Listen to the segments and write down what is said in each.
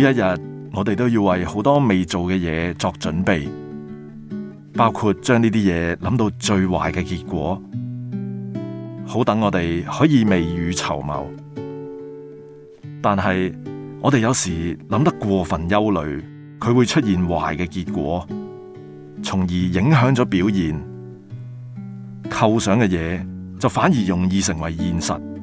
每一日，我哋都要為好多未做嘅嘢作準備，包括將呢啲嘢諗到最壞嘅結果，好等我哋可以未雨綢繆。但係我哋有時諗得過分憂慮，佢會出現壞嘅結果，從而影響咗表現，構想嘅嘢就反而容易成為現實。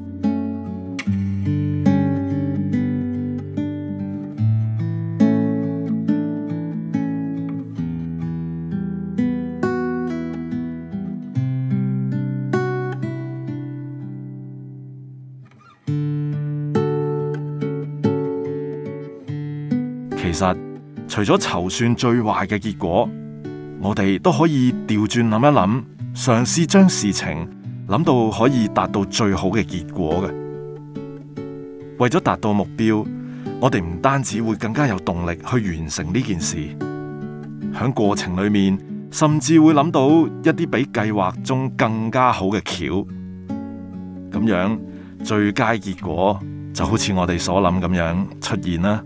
其實，除咗籌算最壞嘅結果，我哋都可以調轉諗一諗，嘗試將事情諗到可以達到最好嘅結果嘅。為咗達到目標，我哋唔單止會更加有動力去完成呢件事，喺過程裏面，甚至會諗到一啲比計劃中更加好嘅橋。咁樣，最佳結果就好似我哋所諗咁樣出現啦。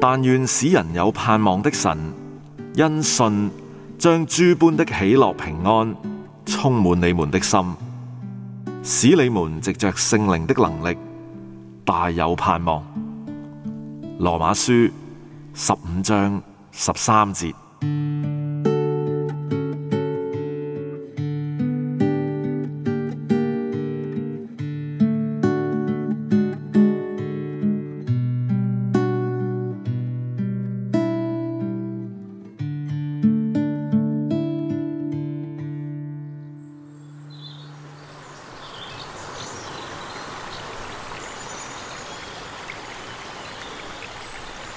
但願使人有盼望的神，因信將諸般的喜樂平安充滿你們的心，使你們藉着聖靈的能力大有盼望。羅馬書十五章十三節。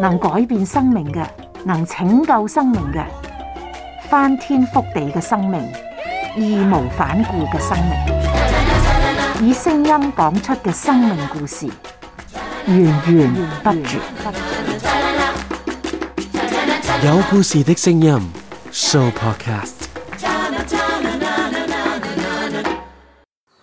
能改變生命嘅，能拯救生命嘅，翻天覆地嘅生命，義無反顧嘅生命，以聲音講出嘅生命故事，源源不絕。有故事的聲音，Show Podcast。